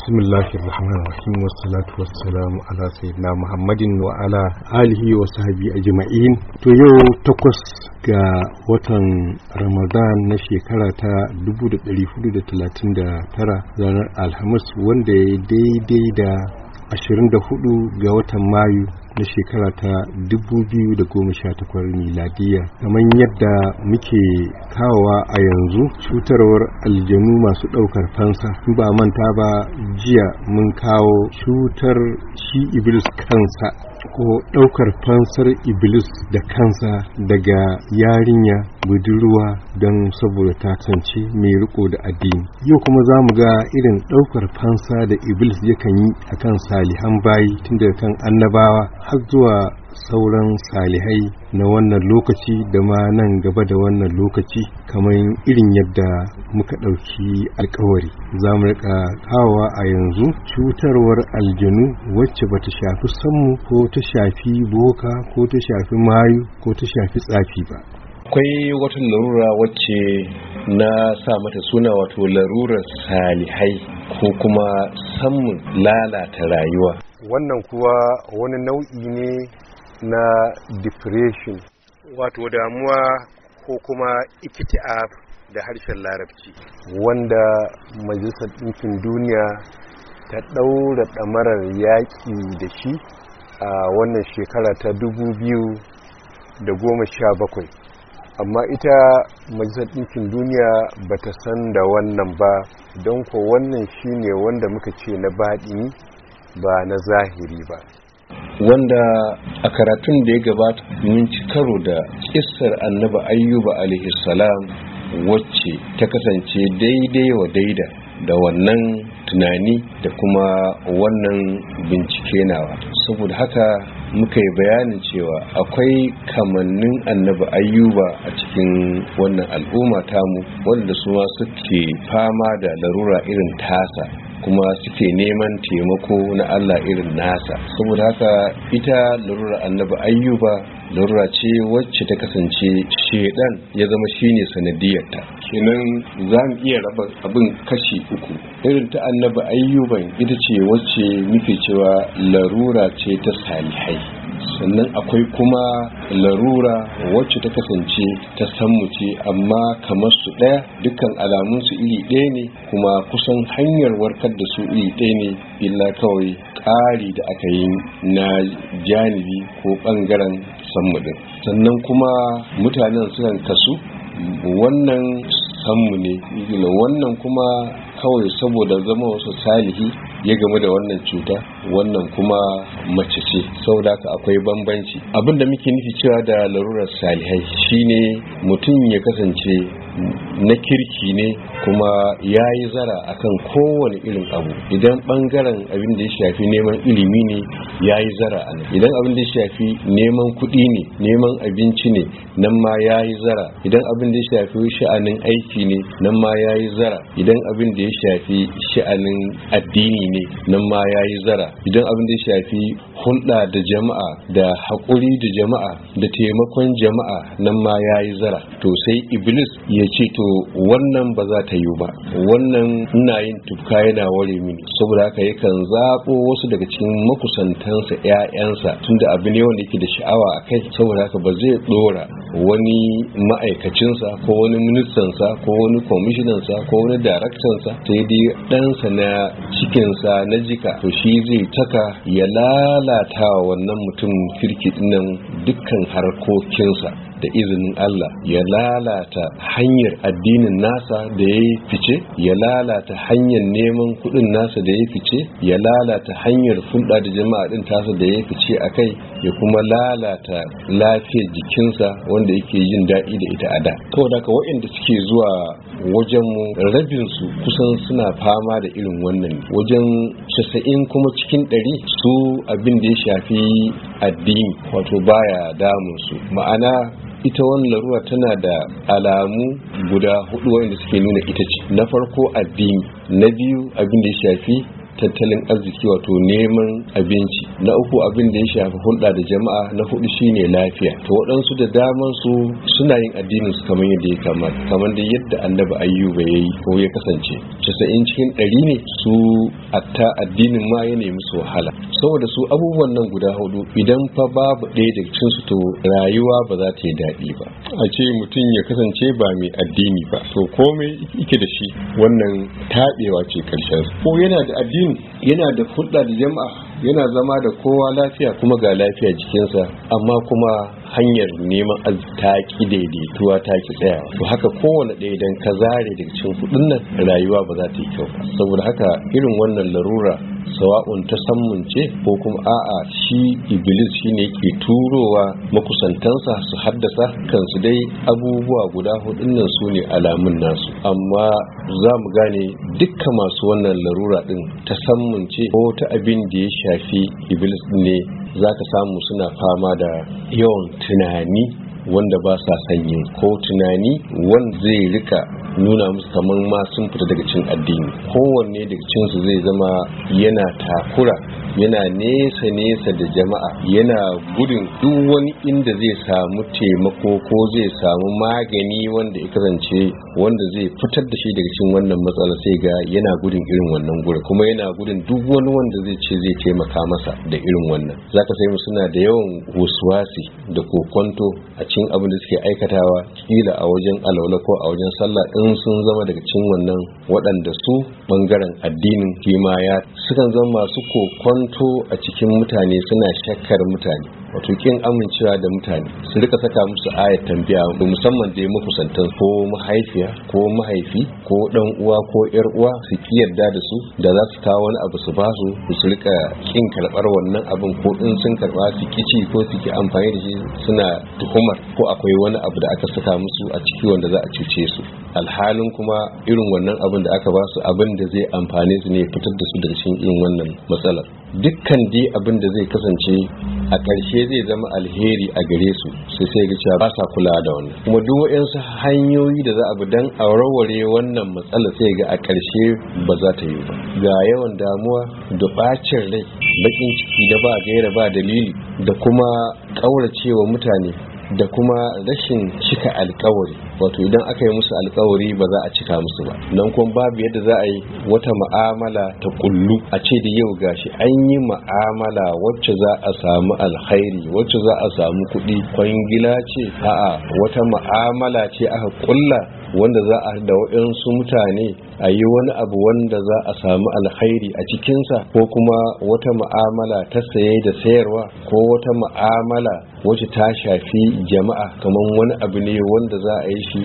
bismillahir rahmanir rahim wassalatu wassalamu muhammadin wa ala alihi wa sahbi ajma'in to yau takwas ga watan ramadan na shekara ta 1439 ranar alhamis wanda ya daidai da 24 ga watan mayu na shekara ta 2018 miladiya kamar yadda muke kawowa a yanzu cutarwar aljanu masu ɗaukar fansa ba manta ba jiya mun kawo cutar shi iblis kansa ko ɗaukar fansar iblis da kansa daga yarinya budurwa don saboda ta kasance mai riko da addini yau kuma za mu ga irin ɗaukar fansa da iblis yakan yi akan salihan bayi tun daga kan annabawa har zuwa sauran salihai na wannan lokaci da ma nan gaba da wannan lokaci kamar irin yadda muka ɗauki alkawari za mu rika kawa a yanzu cutarwar aljanu wacce ba ta shafi sammu ko ta shafi boka ko ta shafi mayu ko ta shafi tsafi ba akwai wata larura wacce na sa mata suna wato larurar salihai ko kuma samun lalata rayuwa wannan kuwa wani nau'i ne na depression wato damuwa ko kuma ikiti'a da harshen larabci wanda majalisar ɗinkin duniya ta ɗaura ɗamarar yaƙi da shi a wannan shekara ta da goma sha bakwai, amma ita majalisar ɗinkin duniya ba ta san da wannan ba don ko wannan shine wanda muka ce na baɗi ba na zahiri ba wanda a karatun da ya gabata mun ci karo da kissar annabi ayyuba alaihi salam wacce ta kasance daidai wa daida da wannan tunani da kuma wannan bincike nawa saboda haka muka yi bayanin cewa akwai kamannin annabi ayyuba a cikin wannan al'umma tamu wanda su ma suke fama da larura irin tasa kuma suke neman taimako na Allah irin nasa saboda haka ita larura annabi ayyuba larura ce wacce ta kasance shedan ya zama shine sanadiyarta kenan za mu iya raba abin kashi uku irin ta annabi ayyuban ita ce wacce muke cewa larura ce ta salihai sannan akwai kuma larura wacce ta kasance ta sammu ce amma kamar su ɗaya dukkan alamun su iri ɗaya ne kuma kusan hanyar warkar da su iri ɗaya ne illa kawai ƙari da aka yi na janibi ko ɓangaren sammu sannan kuma mutanen sukan kasu wannan sammu ne wannan kuma kawai saboda zama wasu salihi ya game da wannan cuta wannan kuma mace ce saboda haka akwai bambanci abin da muke nufi cewa da larurar salihai shine mutum ya kasance na kirki ne kuma ya yi zara akan kowane irin abu idan bangaren abin da ya shafi neman ilimi ne ya yi zara a nan idan abin da ya shafi neman kuɗi ne neman abinci ne nan ma ya yi zara idan abin da ya shafi sha'anin aiki ne nan ma ya yi zara idan abin da ya shafi sha'anin addini ne nan ma ya yi zara idan abin da ya shafi hulɗa da jama'a da haƙuri da jama'a da taimakon jama'a nan ma ya yi zara to sai iblis ya ce to wannan ba za ta yi ba wannan ina yin tuka yana ware mini saboda haka yakan zaɓo wasu daga cikin makusantansa 'ya'yansa tunda abu ne wanda yake da sha'awa a kai saboda haka ba zai ɗora wani ma'aikacinsa ko wani ministansa ko wani kwamishinansa ko wani daraktansa sai dai ɗansa na cikinsa na jika to shi zai taka ya lalata wa wannan mutum kirki nan dukkan harkokinsa da izinin Allah ya lalata hanyar addinin nasa da ya fice ya lalata hanyar neman kuɗin nasa da ya fice ya lalata hanyar fulɗa da jama'a ɗin tasa da ya fice a kai ya kuma lalata lafiyar jikinsa wanda yake yin daɗi da ita a da saboda haka wa'inda suke zuwa wajenmu rabinsu kusan suna fama da irin wannan wajen casa'in kuma cikin ɗari su abin da ya shafi addini wato baya damun su ma'ana ita wani larura tana da alamu guda hudu wanda suke nuna ita ce na farko addini na biyu abin da ya shafi tattalin arziki wato neman abinci na uku abin da ya shafi hulɗa da jama'a na hudu shine lafiya to waɗansu da daman su suna yin addinin su kamar yadda ya kamata kamar da yadda annabi ayyuba ya yi ko ya kasance casa'in cikin ɗari ne su atta addinin ma ya nemi su wahala saboda su abubuwan nan guda hudu idan fa babu ɗaya daga cikin su to rayuwa ba za ta yi daɗi ba a ce mutum ya kasance ba mai addini ba to komai ike da shi wannan taɓewa ce ƙarshen ko yana da addini yana da hulɗa da jama'a yana zama da kowa lafiya kuma ga lafiya jikinsa amma kuma hanyar neman ta daidaituwa ta ki tsayawa to haka kowane ɗaya idan ka zare daga cikin kuɗin nan rayuwa ba za ta yi kyau ba saboda haka irin wannan larura sawa'un ta samun ce ko kuma a'a shi iblis shi ne ke turowa makusantansa su haddasa kansu dai abubuwa guda hudun nan su ne alamun nasu amma za mu gane dukka masu wannan larura din ta samun ce ko ta abin da ya shafi iblis ne za ka samu suna fama da yawan tunani wanda ba sa sanyi ko tunani wanda zai rika nuna musu kamar ma sun fita daga cin addini kowanne daga cinsu zai zama yana takura yana nesa nesa da jama'a yana gudun duk wani inda zai samu taimako ko zai samu magani wanda ya kasance wanda zai fitar da shi daga cin wannan matsala sai ga yana gudun irin wannan gura kuma yana gudun duk wani wanda zai ce zai taimaka masa da irin wannan zaka sai mu suna da yawan wasuwasi da kokonto a cikin abin da suke aikatawa kila a wajen alwala ko a wajen sallah in sun zama daga cikin wannan waɗanda su ɓangaren addinin kimaya sukan zama masu kokonto a cikin mutane suna shakkar mutane wato kin amincewa da mutane su rika saka musu ayat tambaya da musamman da makusantan ko mahaifiya ko mahaifi ko dan uwa ko yar uwa su ki yarda da su da za su kawo wani abu su ba su su rika kin karbar wannan abin ko in sun karba su kici ko su ki amfani da shi suna tuhumar ko akwai wani abu da aka saka musu a ciki wanda za a cuce su alhalin kuma irin wannan abin da aka ba su abin da zai amfane su ne fitar da su daga cikin irin wannan matsalar dukkan dai abin da zai kasance a ƙarshe zai zama alheri a gare su sai sai ga cewa ba sa kula da wannan kuma duk waɗansu hanyoyi da za a bi dan a warware wannan matsala sai ga a ƙarshe ba za ta yi ba ga yawan damuwa da bacin rai bakin ciki da ba gaira ba dalili da kuma ƙauracewa mutane da kuma rashin cika alkawari wato idan aka yi musu alkawari ba za a cika musu ba nan kuma babu yadda za a yi wata ma'amala ta kullu a ce da yau gashi an yi ma'amala wacce za a samu alkhairi wacce za a samu kuɗi kwangila ce a'a wata ma'amala ce aka kulla wanda za a da waɗansu mutane a yi wani abu wanda za a samu alkhairi a cikinsa ko kuma wata ma'amala ta saye da sayarwa ko wata ma'amala wacce ta shafi jama'a kamar wani abu ne wanda za a yi shi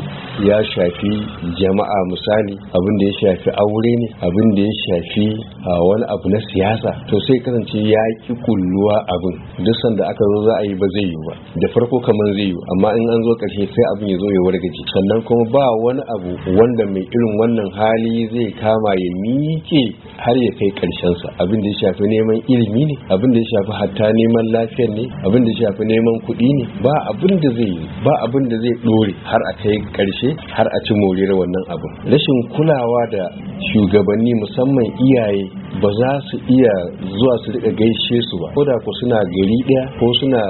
ya shafi jama'a misali abin da ya shafi aure ne abin da ya shafi a wani abu na siyasa to sai kasance ya ki kulluwa abin duk sanda aka zo za a yi ba zai yi ba da farko kamar zai yi amma in an zo ƙarshe sai abin ya zo ya wargaje sannan kuma ba wani abu wanda mai irin wannan hali zai kama ya miƙe har ya kai ƙarshensa abin da ya shafi neman ilimi ne abin da ya shafi hatta neman lafiyar ne abin da ya shafi neman kuɗi ne ba abin da zai ba abin da zai ɗore har a kai ƙarshe har a ci moriyar wannan abin rashin kulawa da shugabanni musamman iyaye ba za su iya zuwa su riƙa gaishe su ba ko da ko suna gari ɗaya ko suna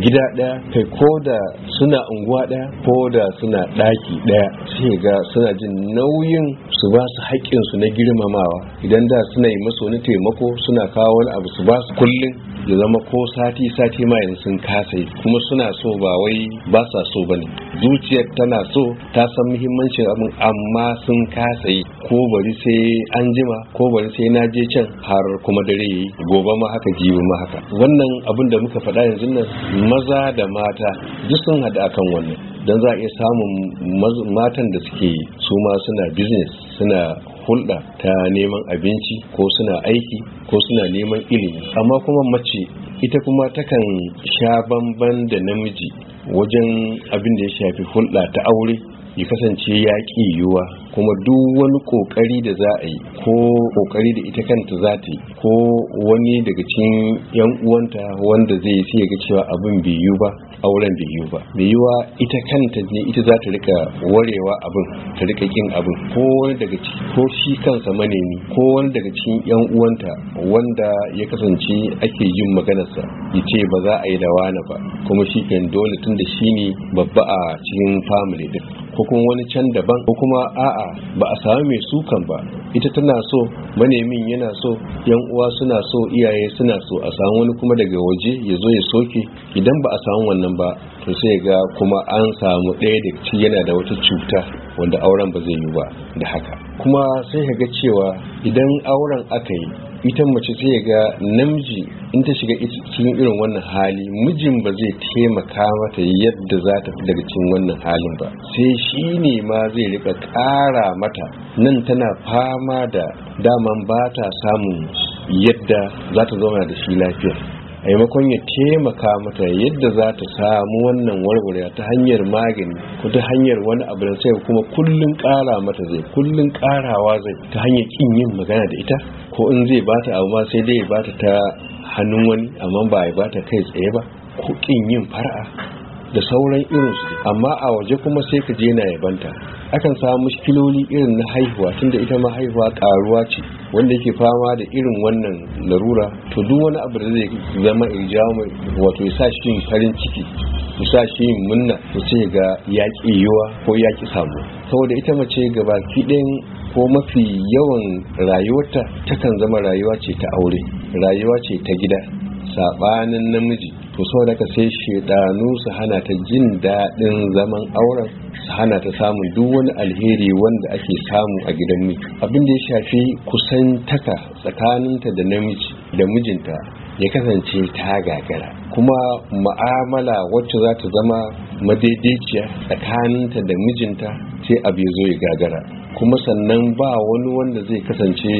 gida ɗaya kai ko da suna unguwa ɗaya ko da suna ɗaki ɗaya sai ga suna jin nauyin su ba su haƙƙin su na girmamawa idan da suna yi maso wani taimako suna kawo wani abu su ba su kullum ya zama ko sati sati ma yanzu sun kasa kuma suna so ba wai ba sa so ba ne. zuciyar tana so ta san muhimmancin abin amma sun kasa yi ko bari sai an jima ko bari sai na je can har kuma dare gobe ma haka jibi ma haka wannan abin da muka faɗa yanzu nan maza da mata duk sun haɗu akan wannan don za a iya samun matan da suke su ma suna business suna hulɗa ta neman abinci ko suna aiki ko suna neman ilimi amma kuma mace ita kuma takan sha bamban da namiji wajen abin da ya shafi hulɗa ta aure ya kasance ya ƙi yiwuwa kuma duk wani ƙoƙari da za a yi ko ƙoƙari da ita kanta za ta yi ko wani daga cikin 'yan uwanta wanda zai yi sai ga cewa abin bai yiwu ba auren bai yiwu ba bai yiwuwa ita kanta ne ita za ta rika warewa abin ta rika kin abin ko wani daga cikin ko shi kansa manemi ko wani daga cikin 'yan uwanta wanda ya kasance ake yin maganarsa ya ce ba za a yi da wani ba kuma shi kan dole tun da shi ne babba a cikin family din ko kuma wani can daban ko kuma a'a ba a samu mai sukan ba ita tana so manemin yana so yan uwa suna so iyaye suna so a samu wani kuma daga waje ya zo ya soke idan ba a samu wannan ba to sai ga kuma an samu ɗaya da ci yana da wata cuta wanda auren ba zai yi ba da haka kuma sai ka ga cewa idan auren aka yi ita mace sai ga namiji in ta shiga cikin irin wannan hali mijin ba zai taimaka mata yadda za ta fi daga cikin wannan halin ba sai shi ne ma zai rika ƙara mata nan tana fama da daman ba ta samun yadda za ta zauna da shi lafiya a maimakon ya taimaka mata yadda za ta samu wannan warware ta hanyar magani ko ta hanyar wani abu da sai kuma kullum kara mata zai kullum karawa zai ta hanyar kin yin magana da ita ko in zai bata abu ma sai dai bata ta hannun wani amma ba ya bata kai tsaye ba ko kin yin far'a da sauran irin su amma a waje kuma sai ka je na yabanta akan samu mushkiloli irin na haihuwa tunda ita ma haihuwa karuwa ce wanda yake fama da irin wannan larura to duk wani abu da zai zama irjawo wato ya sa shi farin ciki ya sa shi munna ya ce ga yaƙi yiwa ko yaƙi samu saboda ita mace gaba ɗayan ko mafi yawan rayuwarta takan zama rayuwa ce ta aure rayuwa ce ta gida sabanin namiji to saboda ka sai shedanu su hana ta jin daɗin zaman auren su hana ta samun duk wani alheri wanda ake samu a gidan miji abin da ya shafi kusantaka tsakaninta da namiji da mijinta ya kasance ta gagara kuma ma'amala wacce za ta zama madaidaiciya tsakaninta da mijinta sai abu ya zo ya gagara kuma sannan ba wani wanda zai kasance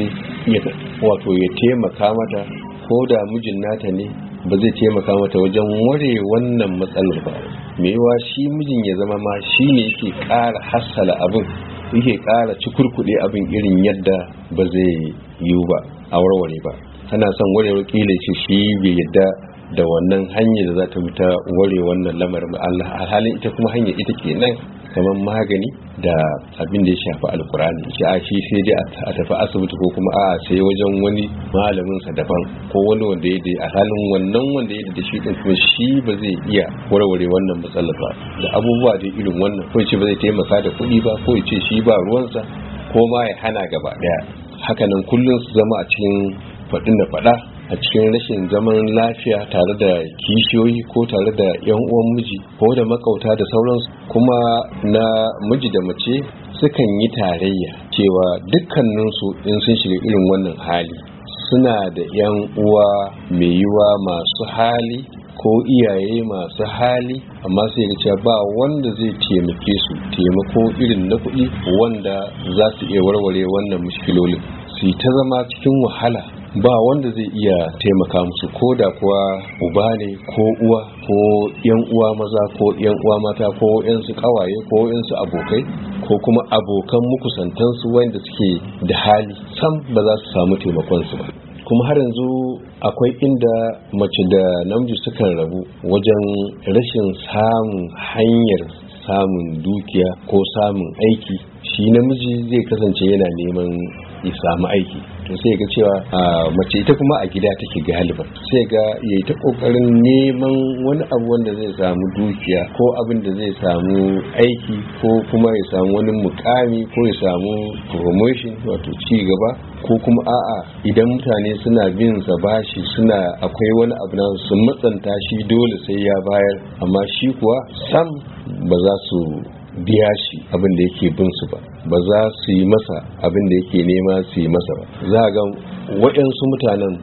wato ya taimaka mata ko da mijin nata ne ba zai taimaka mata wajen ware wannan matsalar ba yawa shi mijin ya zama ma shi ne yake ƙara hassala abin yake ƙara cikurkuɗe abin irin yadda ba zai yiwu ba a warware ba ana son warewar kila ce shi bai yadda da wannan hanyar da za ta ta ware wannan lamarin Allah a halin ita kuma hanyar ita kenan kamar magani da abin da ya shafi alkurani shi a shi sai dai a tafi asibiti ko kuma a sai wajen wani malamin sa daban ko wani wanda ya dai a halin wannan wanda ya da shi din kuma shi ba zai iya warware wannan matsalar ba da abubuwa da irin wannan ko ce ba zai taimaka da kuɗi ba ko ya ce shi ba ruwan sa? ko ma ya hana gaba daya hakanan kullum su zama a cikin faɗin da faɗa a cikin rashin zaman lafiya tare da kishiyoyi ko tare da yan uwan miji ko da makauta da sauransu kuma na miji da mace sukan yi tarayya cewa dukkaninsu in sun shiga irin wannan hali suna da yan uwa mai yiwa masu hali ko iyaye masu hali amma sai ga cewa ba wanda zai taimake su taimako irin na kuɗi wanda za su iya warware wannan mushkilolin su ta zama cikin wahala ba wanda zai iya taimaka musu ko da kuwa uba ne ko uwa ko yan uwa maza ko yan uwa mata ko yan su kawaye ko yan su abokai ko kuma abokan mukusantansu wanda suke da hali sam ba za su samu taimakon su ba kuma har yanzu akwai inda mace da namiji sukan rabu wajen rashin samun hanyar samun dukiya ko samun aiki shi namiji zai kasance yana neman ya samu aiki to sai ga cewa mace ita kuma a gida take galiban sai ga ya ta kokarin neman wani abu wanda zai samu dukiya ko abin da zai samu aiki ko kuma ya samu wani mukami ko ya samu promotion wato ci gaba ko kuma a'a idan mutane suna bin sa bashi suna akwai wani abu na sun matsanta shi dole sai ya bayar amma shi kuwa sam ba za su biya shi abin da yake bin su ba ba za su yi masa abin da yake nema su yi masa ba za a ga waɗansu mutanen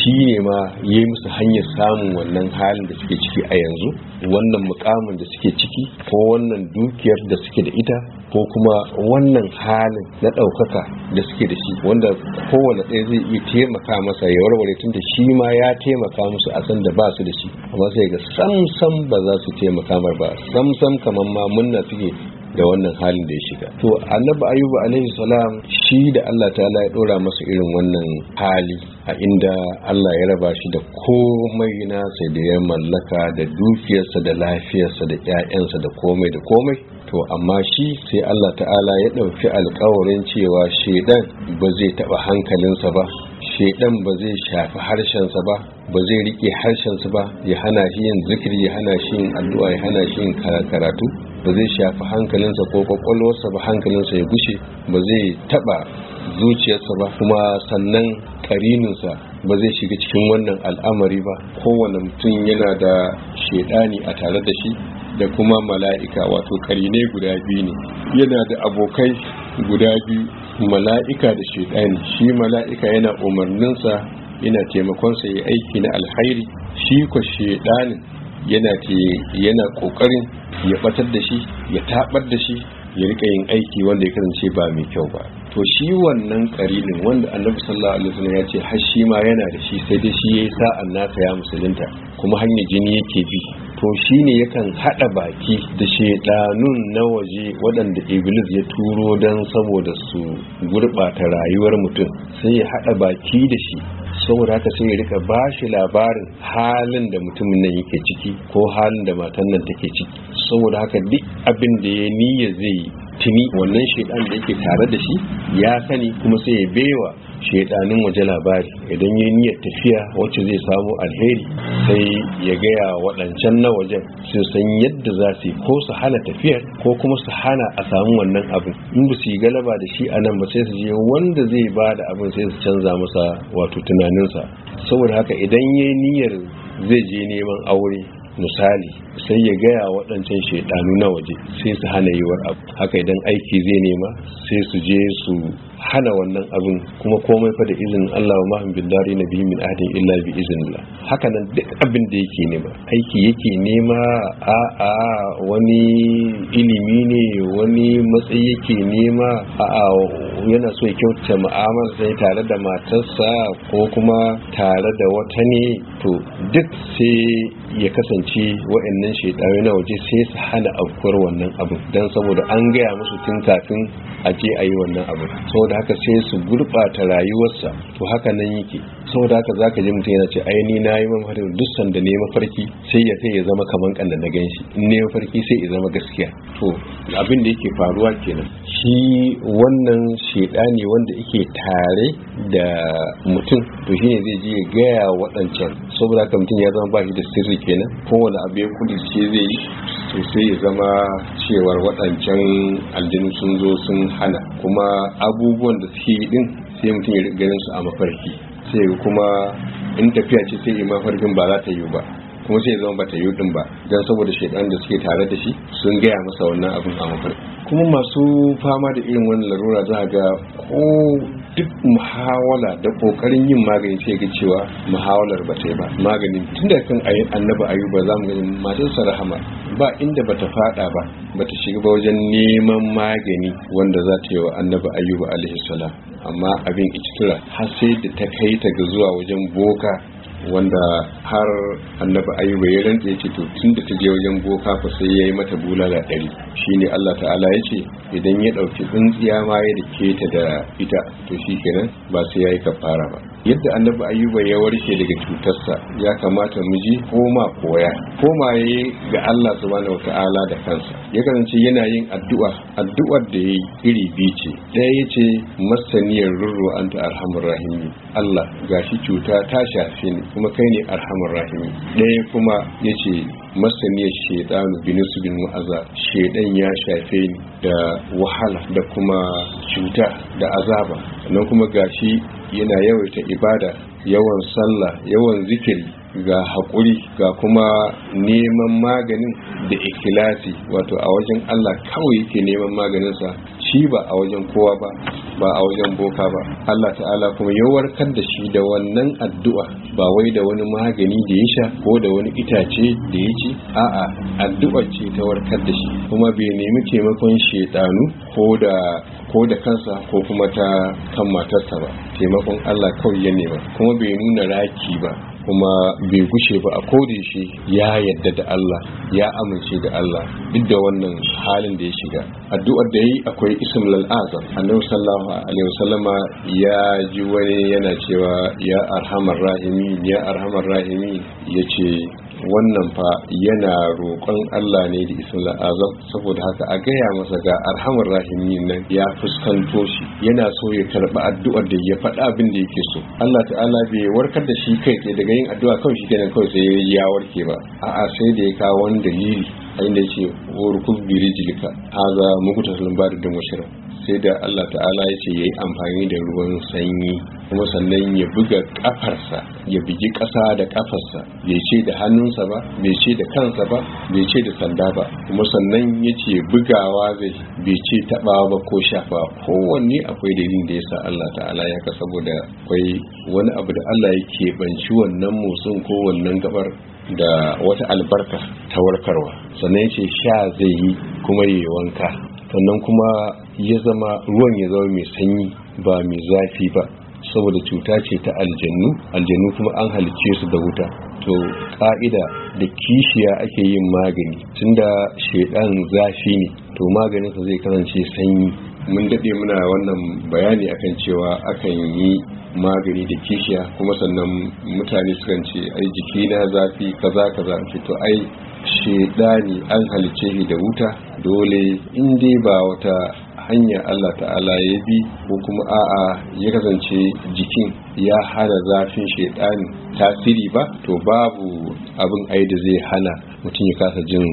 shi ne ma ya yi musu hanyar samun wannan halin da suke ciki a yanzu wannan mukamin da suke ciki ko wannan dukiyar da suke da ita ko kuma wannan halin na ɗaukaka da suke da shi wanda kowane ɗaya zai iya taimaka masa ya warware tun da shi ma ya taimaka musu a san da ba su da shi amma sai ga samsam ba za su taimaka mar ba samsam kamar ma munna suke da wannan halin da ya shiga to annabi ayyubu alaihi salam shi da Allah ta'ala ya dora masa irin wannan hali a inda Allah ya raba shi da komai na sai da ya mallaka da dukiyarsa da lafiyarsa da ƴaƴansa da komai da komai to amma shi sai Allah ta'ala ya ɗauki alƙawarin cewa shedan ba zai taɓa hankalinsa ba shedan ba zai shafi harshensa ba ba zai rike harshensa ba ya hana shi yin zikiri ya hana shi yin addu'a ya hana shi yin karatu ba zai shafi hankalinsa ko kwakwalwarsa ba hankalinsa ya gushe ba zai taba zuciyarsa ba kuma sannan karininsa ba zai shiga cikin wannan al'amari ba kowane mutum yana da shaidani a tare da shi da kuma mala'ika wato karine guda biyu ne yana da abokai guda biyu mala'ika da shaidani shi mala'ika yana umarninsa yana taimakonsa ya aiki na alhairi shi ko shaidanin yana ce yana kokarin ya batar da shi ya tabar da shi ya rika yin aiki wanda ya kasance ba mai kyau ba to shi wannan karinin wanda annabi sallallahu alaihi wasallam ya ce har shi ma yana da shi sai dai shi yayi sa'an nasa ya musulunta kuma hanyar jini yake bi to shi ne yakan hada baki da shedanun na waje waɗanda iblis ya turo don saboda su gurɓata rayuwar mutum sai ya hada baki da shi saboda haka sai ya rika ba shi labarin halin da mutumin nan yake ciki ko halin da matan nan take ciki saboda haka duk abin da ya niyya zai tuni wannan shaidan da yake tare da shi ya sani kuma sai ya bewa shedanin waje labari idan yi niyyar tafiya wacce zai samu alheri sai ya gaya waɗancan na wajen su san yadda za su ko su hana tafiyar ko kuma su hana a samu wannan abin in ba su yi galaba da shi a nan ba sai su je wanda zai ba da abin sai su canza masa wato tunaninsa saboda haka idan ya yi niyyar zai je neman aure misali sai ya gaya waɗancan shaidanu na waje sai su hana yiwuwar abu haka idan aiki zai nema sai su je su hana wannan abin kuma komai fa izinin Allah wa mahim bin dari na bihi min adin illa bi iznillah haka nan duk abin da yake nema aiki yake nema a a wani ilimi ne wani matsayi yake nema a a yana so ya kyautata mu'amala sai tare da matarsa ko kuma tare da wata ne to duk sai ya kasance wa'annan shaidawa na waje sai su hana aukuwar wannan abu don saboda an gaya musu tun kafin a je a yi wannan abu saboda haka sai su gurɓata rayuwarsa to haka nan yake saboda haka za ka ji mutum yana ce aini na yi mafarki duk sanda ne mafarki sai ya kai ya zama kaman kanda na gan shi in ne mafarki sai ya zama gaskiya to abin da yake faruwa kenan shi wannan ne wanda yake tare da mutum to shine zai je ya gaya waɗancan saboda haka mutum ya zama ba shi da sirri kenan kowane abu ya kudi ce zai yi sosai sai ya zama cewar waɗancan aljanu sun zo sun hana kuma abubuwan da suke yi din sai mutum ya ganin su a mafarki sai kuma in tafiya ce sai mafarkin ba za ta yi ba kuma sai zama bata yi ba don saboda shaidan da suke tare da shi sun gaya masa wannan abin a mafi kuma masu fama da irin wannan larura za ga ko duk muhawala da kokarin yin magani sai ga cewa muhawalar ba ta yi ba maganin tun da kan ayi annabi ayuba za mu gani matarsa rahama ba inda bata fada ba bata shiga ba wajen neman magani wanda za ta yi wa annabi ayuba alaihi salam amma abin ikitura har sai da ta kai ta ga zuwa wajen boka wanda har annabi ayuba ya rantsa yace to tunda ta je wajen boka fa sai yayi mata bulala ɗari shine Allah ta'ala yace idan ya dauki tsintsiya ma ya dake ta da ita to shikenan ba sai yayi kafara ba yadda annabi ayyuba ya warke daga cutarsa ya kamata mu ji koma koya koma yayi ga Allah subhanahu wataala da kansa ya kasance yana yin addu'a addu'ar da yayi iri biyu ce ɗaya yace masaniyar rurru anta arhamur rahimi Allah gashi cuta ta shafe ni kuma kai ne arhamur rahimi ɗaya kuma yace masaniyar shaidanu bin wa'aza shaidan ya shafe ni da wahala da kuma cuta da azaba nan kuma gashi yana yawaita ibada yawan sallah yawan zikiri ga haƙuri ga kuma neman maganin da ikilasi wato a wajen Allah kawai yake neman maganinsa shi ba a wajen kowa ba ba a wajen boka ba Allah ta'ala kuma ya warkar da shi da wannan addu'a ba wai da wani magani da ya sha ko da wani itace da ya ci a'a addu'a ce ta warkar da shi kuma bai nemi taimakon shaitanu ko da ko da kansa ko kuma ta kan matarsa ba taimakon Allah kawai ya nema kuma bai nuna raki ba kuma bai gushe ba a koda shi ya yadda da Allah ya amince da Allah duk da wannan halin da ya shiga addu'ar da yi akwai ism azam annabi sallallahu alaihi wasallama ya ji wani yana cewa ya arhamar rahimin ya arhamar rahimi yace wannan fa yana roƙon Allah ne da isin azam saboda haka a gaya masa ga arhamar rahimi nan ya fuskanto shi yana so ya karɓi addu'ar da ya faɗa abin da yake so Allah ta'ala bai warkar da shi kai tsaye daga yin addu'a kawai shi kenan kawai sai ya warke ba a'a sai da ya kawo wani dalili a inda ce ce urkub bi rijlika hadha mukutasal da washira sai da Allah ta'ala ya ce ya yi amfani da ruwan sanyi kuma sannan ya buga kafarsa ya bugi ƙasa da kafarsa bai ce da hannunsa ba bai ce da kansa ba bai ce da sanda ba kuma sannan ya ce bugawa zai bai ce taɓawa ba ko shafa kowanne akwai dalilin da ya sa Allah ta'ala ya ka saboda akwai wani abu da Allah ya banci wannan motsin ko wannan gabar da wata albarka ta warkarwa sannan ya ce sha zai yi kuma yi wanka sannan kuma ya zama ruwan ya zama mai sanyi ba mai zafi ba saboda cuta ce ta aljannu aljannu kuma an halicce su da wuta to ka'ida da kishiya ake yin magani tunda shedan zafi ne to maganin maganinsa zai karance sanyi mun daɗe muna wannan bayani akan cewa akan yi magani da kishiya kuma sannan mutane sukan ce ai jiki na zafi kaza kaza to ai shedani an halice shi da wuta dole in dai ba wata hanya Allah ta'ala ya bi ko kuma a'a ya kasance jikin ya hana zafin shaidani tasiri ba to babu abin ai da zai hana mutum ya kasa jin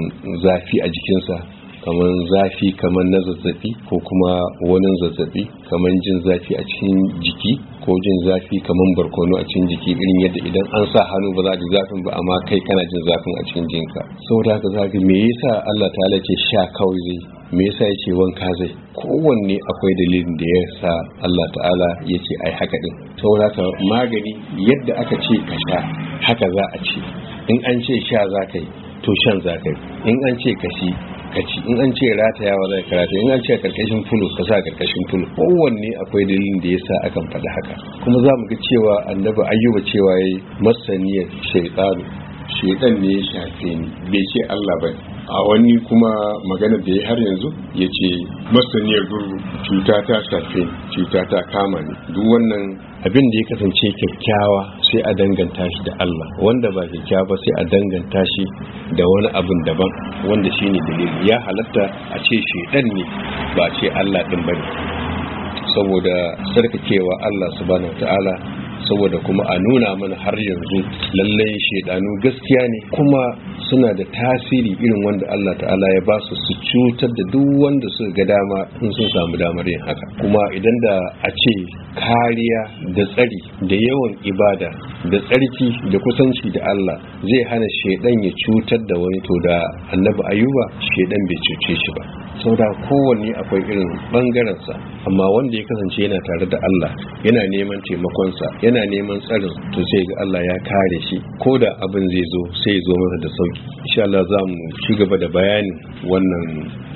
zafi a jikinsa kamar zafi kamar na zazzabi ko kuma wani zazzabi kamar jin zafi a cikin jiki ko jin zafi kamar barkono a cikin jiki irin yadda idan an sa hannu ba za ji zafin ba amma kai kana jin zafin a cikin jinka saboda haka zaka me yasa Allah ta'ala ce sha kawai zai me yasa yake wanka zai kowanne akwai dalilin da ya sa Allah ta'ala ya ce ai haka din haka magani yadda aka ce ka sha haka za a ce in an ce sha za ka yi to shan za ka yi in an ce ka shi ka ci in an ce wa zai karata in an ce karkashin fulo ka sa karkashin fulo kowanne akwai dalilin da ya sa akan faɗi haka kuma za mu ga cewa annabi ayyuba cewa ya yi masaniyar shaitan shaitan ne ya shafe ni bai ce Allah bane a wani kuma magana da ya har yanzu ya ce masaniyar guru cuta ta shafe cuta ta kama ne duk wannan abin da ya kasance kyakkyawa sai a danganta shi da Allah wanda ba kyakkyawa ba sai a danganta shi da wani abin daban wanda shi ne dalili ya halatta a ce shedan ne ba a ce Allah din bane saboda sarkakewa Allah subhanahu ta'ala saboda kuma a nuna mana har yanzu lallai shaidanu gaskiya ne kuma suna da tasiri irin wanda Allah ta'ala ya ba su su cutar da duk wanda suka ga dama in sun samu damar yin haka kuma idan da a ce kariya da tsari da yawan ibada da tsarki da kusanci da Allah zai hana shaidan ya cutar da wani to da annabi ayuba shaidan bai cuce shi ba sau da kowanne akwai irin bangarensa amma wanda ya kasance yana tare da Allah yana neman taimakonsa yana neman tsarin to sai ga Allah ya kare shi ko da abin zai zo sai zo masa da sauki insha Allah za mu ci gaba da bayani wannan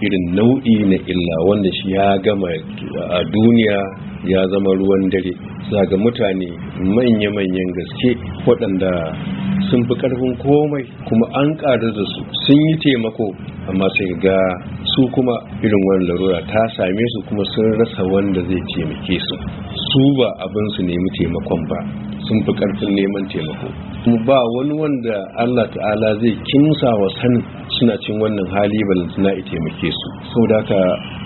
irin nau'i na illa wanda shi ya gama a duniya ya zama ruwan dare za ga mutane manya-manyan gaske waɗanda sun fi ƙarfin komai kuma an ƙarar da su sun yi taimako amma sai ga su kuma irin wani larura ta same su kuma sun rasa wanda zai taimake su su ba abin su nemi taimakon ba sun fi karfin neman taimako kuma ba wani wanda Allah ta'ala zai kinsa wa sanin suna cin wannan hali balantana ya taimake su saboda ka,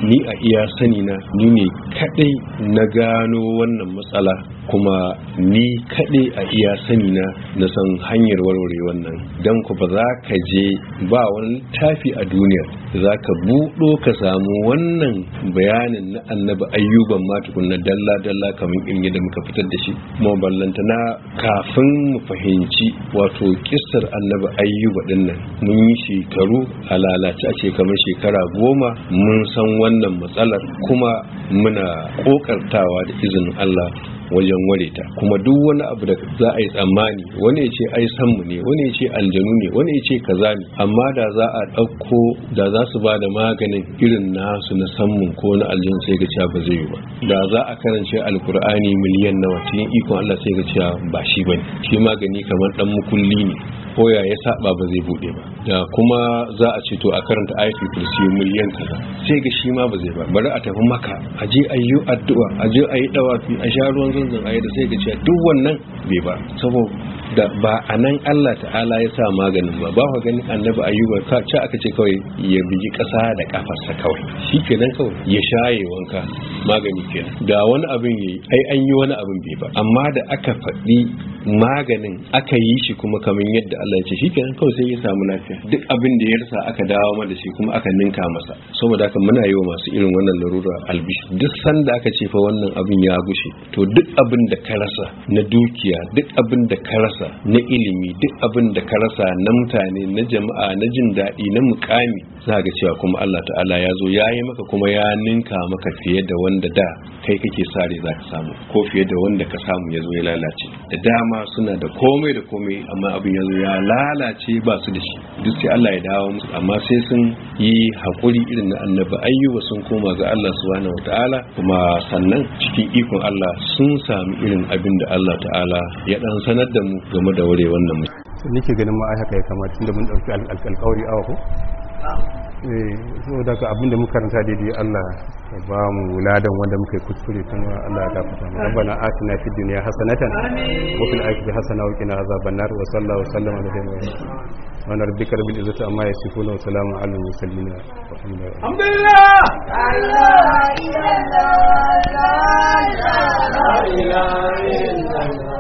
ni a iya sani na ni ne kadai na gano wannan matsala kuma ni kaɗe a iya sani na na san hanyar warware wannan don ku ba za ka je ba wani littafi a duniya za ka buɗo ka samu wannan bayanin na annabi ayyuban ma na dalla dalla kamar irin yadda muka fitar da shi kuma ballanta na kafin mu fahimci wato kissar annabi ayyuba din mun yi shekaru a lalace ce kamar shekara goma mun san wannan matsalar kuma muna kokartawa da izinin Allah wajen ware ta kuma duk wani abu da za a yi tsammani wani ya ce ai sanmu ne wani ya ce aljanu ne wani ya ce kaza ne amma da za a ɗauko da za su ba da maganin irin nasu na mu ko na aljanu sai ga cewa ba zai yi ba da za a karance alkur'ani miliyan nawa cikin ikon Allah sai ga cewa ba shi bane shi magani kamar dan mukulli ne koya ya saba ba zai bude ba da kuma za a ce to a karanta ayatul kursi miliyan kaza sai ga shi ma ba zai ba bari a tafi maka a je ayyu addu'a a je ayi dawafi a sha ruwan zanzan ayi da sai ga cewa duk wannan bai ba saboda da ba a nan Allah ta'ala ya sa maganin ba ba ku gani annabi ayyuba ka ci aka ce kawai ya bigi kasa da kafarsa kawai shi kenan kawai ya shaye wanka magani kenan da wani abin yayi ai an yi wani abin bai ba amma da aka faɗi maganin aka yi shi kuma kamar yadda Allah ya ce shi kenan kawai sai ya samu lafiya duk abin da ya rasa aka dawo da shi kuma aka ninka masa saboda haka muna yi wa masu irin wannan larura albish duk sanda aka ce fa wannan abin ya gushe to duk abin da ka rasa na dukiya duk abin da ka rasa na ilimi duk abin da ka rasa na mutane na jama'a na jin daɗi na mukami za ga cewa kuma Allah ta'ala ya zo ya yi maka kuma ya ninka maka fiye da wanda da kai kake sare za ka samu ko fiye da wanda ka samu ya zo ya lalace da dama suna da komai da komai amma abin ya zo ya lalace ba su da shi duk sai Allah ya dawo musu amma sai sun yi haƙuri irin na annabi ayyuba sun koma ga Allah subhanahu wataala kuma sannan cikin ikon Allah sun sami irin abin da Allah ta'ala ya dan sanar da mu game da ware wannan mutum nake ganin ma haka ya kamata tunda mun dauki alkawari awa ko eh, saboda ka abinda muka karanta daidai Allah ya ba mu ladan wanda muka yi kuskure kuma Allah ya gafarta mu rabbana atina fid dunya hasanatan wa fil akhirati hasanatan wa qina azaban nar wa sallallahu sallama ala nabiyyina wa ana rabbika rabbil izzati amma yasifuna wa salamu alal mursalin alhamdulillah la ilaha illallah la ilaha illallah